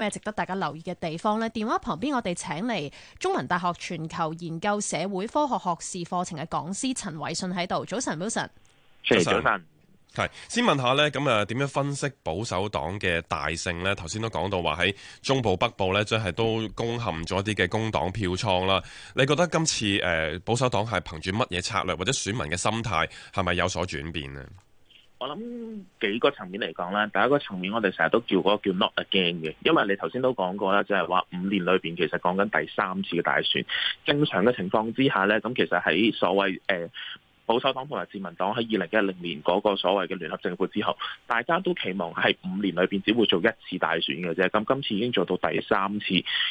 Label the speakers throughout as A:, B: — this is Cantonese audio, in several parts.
A: 咩值得大家留意嘅地方呢？電話旁邊我哋請嚟中文大學全球研究社會科學學士課程嘅講師陳偉信喺度，早晨，早晨，早晨，
B: 係先問下呢，咁啊，呃，點樣分析保守黨嘅大勝呢？頭先都講到話喺中部北部呢，即係都攻陷咗啲嘅工黨票倉啦。你覺得今次誒、呃、保守黨係憑住乜嘢策略，或者選民嘅心態係咪有所轉變呢？我諗幾個層面嚟講咧，第一個層面我哋成日都叫嗰個叫 not again 嘅，因為你頭先都講過啦，就係話五年裏邊其實講緊第三次嘅大選，正常嘅情況之下咧，咁其實喺所謂誒。呃保守黨同埋自民黨喺二零一零年嗰個所謂嘅聯合政府之後，大家都期望係五年裏邊只會做一次大選嘅啫。咁今次已經做到第三次，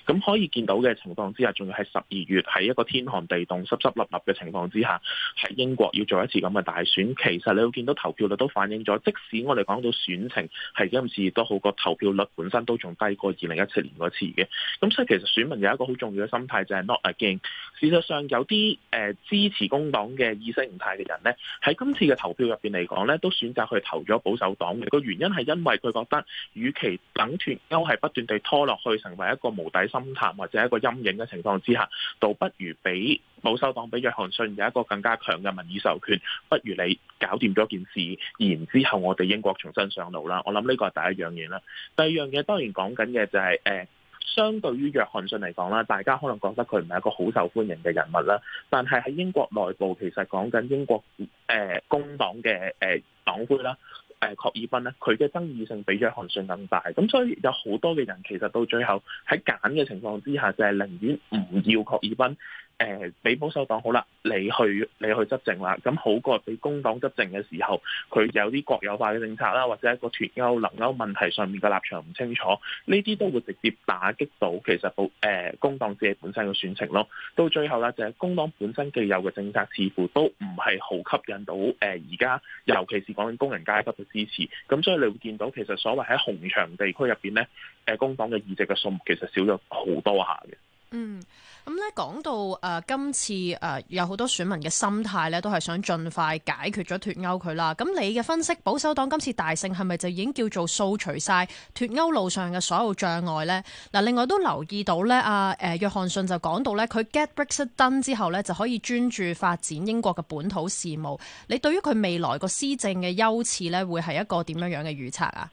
B: 咁可以見到嘅情況之下，仲要係十二月喺一個天寒地凍、濕濕立立嘅情況之下，喺英國要做一次咁嘅大選。其實你會見到投票率都反映咗，即使我哋講到選情係今次都好過，投票率本身都仲低過二零一七年嗰次嘅。咁所以其實選民有一個好重要嘅心態就係 not again。事實上有啲誒支持工黨嘅意識形態嘅人呢，喺今次嘅投票入邊嚟講呢，都選擇去投咗保守黨嘅。個原因係因為佢覺得，與其等脱歐係不斷地拖落去成為一個無底深潭或者一個陰影嘅情況之下，倒不如俾保守黨俾約翰遜有一個更加強嘅民意授權，不如你搞掂咗件事，然之後我哋英國重新上路啦。我諗呢個係第一樣嘢啦。第二樣嘢，當然講緊嘅就係、是、誒。呃相對於約翰遜嚟講啦，大家可能覺得佢唔係一個好受歡迎嘅人物啦，但係喺英國內部其實講緊英國誒工黨嘅誒黨魁啦，誒、呃、郝爾彬咧，佢嘅爭議性比約翰遜更大，咁所以有好多嘅人其實到最後喺揀嘅情況之下，就係、是、寧願唔要郝爾彬。誒，俾保守黨好啦，你去你去執政啦，咁好過俾工黨執政嘅時候，佢有啲國有化嘅政策啦，或者一個脱歐、留歐問題上面嘅立場唔清楚，呢啲都會直接打擊到其實保誒工黨自己本身嘅選情咯。到最後啦，就係工黨本身既有嘅政策似乎都唔係好吸引到誒而家，尤其是講緊工人階級嘅支持。咁所以你會見到其實所謂喺紅牆地區入邊咧，誒工黨嘅議席嘅數目其實少咗好多下嘅。
A: 嗯。咁咧講到誒、呃、今次誒、呃、有好多選民嘅心態咧，都係想盡快解決咗脱歐佢啦。咁你嘅分析，保守黨今次大勝係咪就已經叫做掃除晒脱歐路上嘅所有障礙呢？嗱，另外都留意到咧，阿、呃、誒約翰遜就講到咧，佢 get Brexit done 之後咧，就可以專注發展英國嘅本土事務。你對於佢未來個施政嘅優次咧，會係一個點樣樣嘅預測啊？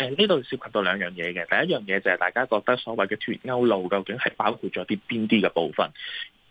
B: 誒呢度，涉及到兩樣嘢嘅，第一樣嘢就係大家覺得所謂嘅脱歐路究竟係包括咗啲邊啲嘅部分？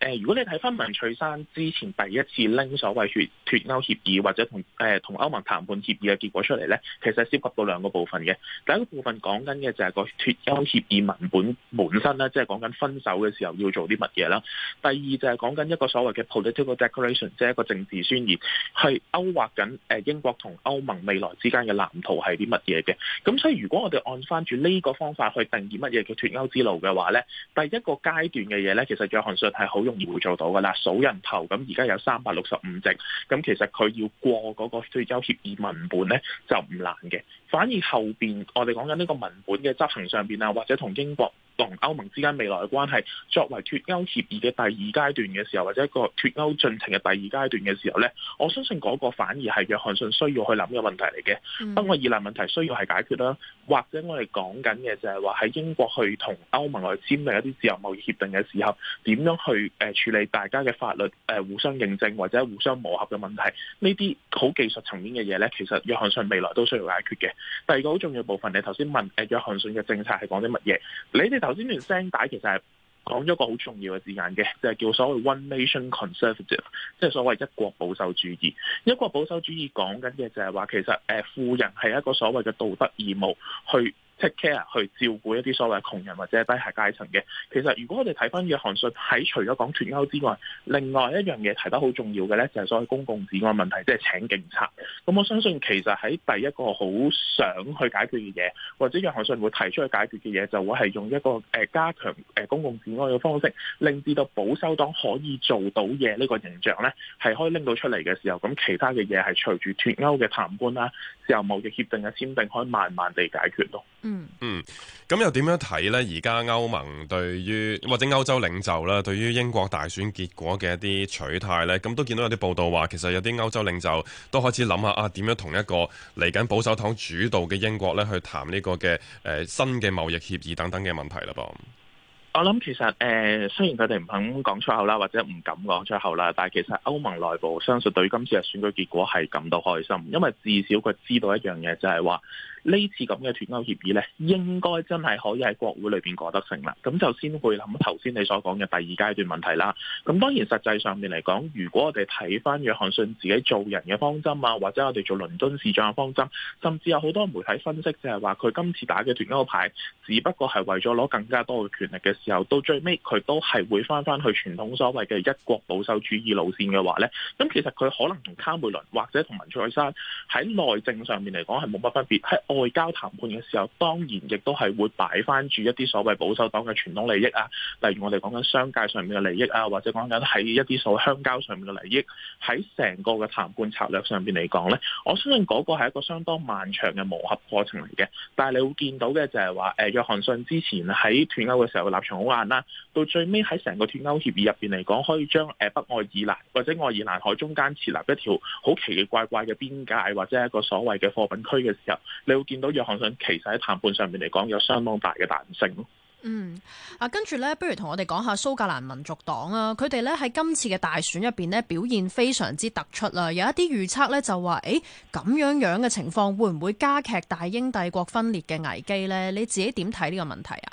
B: 誒，如果你睇翻文翠珊之前第一次拎所謂脫脫歐協議或者同誒同歐盟談判協議嘅結果出嚟咧，其實係涉及到兩個部分嘅。第一個部分講緊嘅就係個脫歐協議文本本身啦，即係講緊分手嘅時候要做啲乜嘢啦。第二就係講緊一個所謂嘅 political declaration，即係一個政治宣言，去勾畫緊誒英國同歐盟未來之間嘅藍圖係啲乜嘢嘅。咁所以如果我哋按翻住呢個方法去定義乜嘢叫脫歐之路嘅話咧，第一個階段嘅嘢咧，其實約翰遜係好。而會做到噶啦，數人頭咁，而家有三百六十五席，咁其實佢要過嗰個退休協議文本呢，就唔難嘅，反而後邊我哋講緊呢個文本嘅執行上邊啊，或者同英國。同歐盟之間未來嘅關係，作為脱歐協議嘅第二階段嘅時候，或者一個脱歐進程嘅第二階段嘅時候呢，我相信嗰個反而係約翰遜需要去諗嘅問題嚟嘅。北愛爾蘭問題需要係解決啦，或者我哋講緊嘅就係話喺英國去同歐盟去簽訂一啲自由貿易協定嘅時候，點樣去誒處理大家嘅法律誒互相認證或者互相磨合嘅問題？呢啲好技術層面嘅嘢呢，其實約翰遜未來都需要解決嘅。第二個好重要部分，你頭先問誒約翰遜嘅政策係講啲乜嘢？你哋頭先段聲帶其實係講咗個好重要嘅字眼嘅，就係叫所謂 One Nation Conservative，即係所謂一國保守主義。一國保守主義講緊嘅就係話，其實誒富人係一個所謂嘅道德義務去 care 去照顧一啲所謂窮人或者低下階層嘅。其實如果我哋睇翻約翰遜喺除咗講脱歐之外，另外一樣嘢提得好重要嘅呢，就係、是、所謂公共治安問題，即、就、係、是、請警察。咁我相信其實喺第一個好想去解決嘅嘢，或者約翰遜會提出去解決嘅嘢，就會係用一個誒加強誒公共治安嘅方式，令至到保守黨可以做到嘢呢個形象呢，係可以拎到出嚟嘅時候，咁其他嘅嘢係隨住脱歐嘅談判啦，自由貿易協定嘅簽訂，可以慢慢地解決咯。嗯，咁又點樣睇呢？而家歐盟對於或者歐洲領袖啦，對於英國大選結果嘅一啲取態呢，咁都見到有啲報道話，其實有啲歐洲領袖都開始諗下啊，點樣同一個嚟緊保守黨主導嘅英國呢去談呢個嘅誒、呃、新嘅貿易協議等等嘅問題啦噃。我諗其實誒、呃，雖然佢哋唔肯講出口啦，或者唔敢講出口啦，但係其實歐盟內部相信對今次嘅選舉結果係感到開心，因為至少佢知道一樣嘢就係、是、話。呢次咁嘅脱歐協議咧，應該真係可以喺國會裏邊過得成啦，咁就先會諗頭先你所講嘅第二階段問題啦。咁當然實際上面嚟講，如果我哋睇翻約翰遜自己做人嘅方針啊，或者我哋做倫敦市長嘅方針，甚至有好多媒體分析就係話佢今次打嘅脱歐牌，只不過係為咗攞更加多嘅權力嘅時候，到最尾佢都係會翻翻去傳統所謂嘅一國保守主義路線嘅話呢。咁其實佢可能同卡梅倫或者同文翠珊喺內政上面嚟講係冇乜分別，外交談判嘅時候，當然亦都係會擺翻住一啲所謂保守黨嘅傳統利益啊，例如我哋講緊商界上面嘅利益啊，或者講緊喺一啲所謂鄉郊上面嘅利益。喺成個嘅談判策略上邊嚟講咧，我相信嗰個係一個相當漫長嘅磨合過程嚟嘅。但係你會見到嘅就係話誒約翰遜之前喺脱歐嘅時候立場好硬啦，到最尾喺成個脱歐協議入邊嚟講可以將誒北愛爾蘭或者愛爾蘭海中間設立一條好奇奇怪怪嘅邊界，或者一個所謂嘅貨品區嘅時候，你見到約翰遜其實喺談判上面嚟講有相當大嘅彈性咯。嗯，
A: 啊，跟住咧，不如同我哋講下蘇格蘭民族黨啊，佢哋咧喺今次嘅大選入邊咧表現非常之突出啦。有一啲預測咧就話，誒、欸、咁樣樣嘅情況會唔會加劇大英帝國分裂嘅危機咧？你自己點睇呢個問題啊？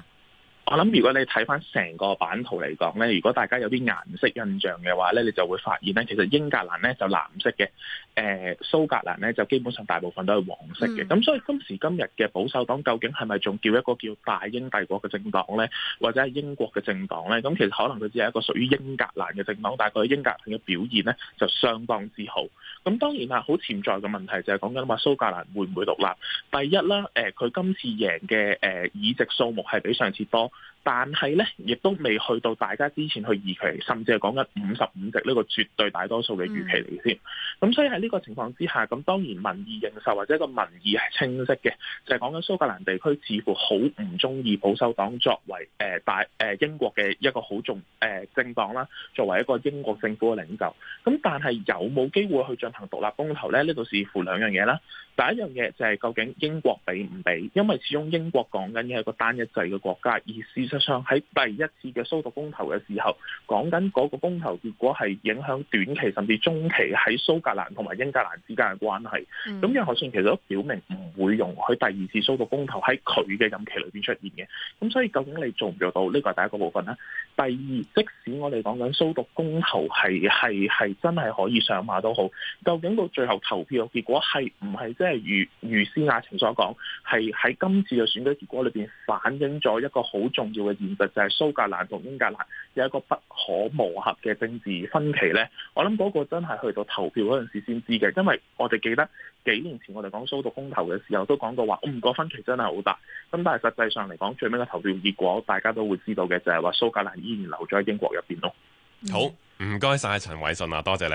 B: 我諗如果你睇翻成個版圖嚟講咧，如果大家有啲顏色印象嘅話咧，你就會發現咧，其實英格蘭咧就藍色嘅。誒、呃、蘇格蘭咧就基本上大部分都係黃色嘅，咁、嗯、所以今時今日嘅保守黨究竟係咪仲叫一個叫大英帝國嘅政黨咧，或者係英國嘅政黨咧？咁其實可能佢只係一個屬於英格蘭嘅政黨，但係佢喺英格蘭嘅表現咧就相當之好。咁當然啦，好潛在嘅問題就係講緊話蘇格蘭會唔會獨立？第一啦，誒、呃、佢今次贏嘅誒、呃、議席數目係比上次多。但係咧，亦都未去到大家之前去預期，甚至係講緊五十五席呢、這個絕對大多數嘅預期嚟先。咁、嗯、所以喺呢個情況之下，咁當然民意認受或者個民意係清晰嘅，就係講緊蘇格蘭地區似乎好唔中意保守黨作為誒大誒英國嘅一個好重誒、呃、政黨啦，作為一個英國政府嘅領袖。咁但係有冇機會去進行獨立公投咧？呢度視乎兩樣嘢啦。第一樣嘢就係究竟英國俾唔俾？因為始終英國講緊嘅係個單一制嘅國家，意思。事實上喺第一次嘅蘇獨公投嘅時候，講緊嗰個公投結果係影響短期甚至中期喺蘇格蘭同埋英格蘭之間嘅關係。咁約翰遜其實都表明唔會容許第二次蘇獨公投喺佢嘅任期裏邊出現嘅。咁所以究竟你做唔做到呢個係第一個部分啦。第二，即使我哋講緊蘇獨公投係係係真係可以上馬都好，究竟到最後投票結果係唔係即係如如斯亞晴所講，係喺今次嘅選舉結果裏邊反映咗一個好重要嘅現實就係蘇格蘭同英格蘭有一個不可磨合嘅政治分歧呢，我諗嗰個真係去到投票嗰陣時先知嘅，因為我哋記得幾年前我哋講蘇獨公投嘅時候都講到話，嗯個分歧真係好大，咁但係實際上嚟講，最尾個投票結果大家都會知道嘅就係話蘇格蘭依然留咗喺英國入邊咯。
A: 好，唔該晒，陳偉信啊，多謝你。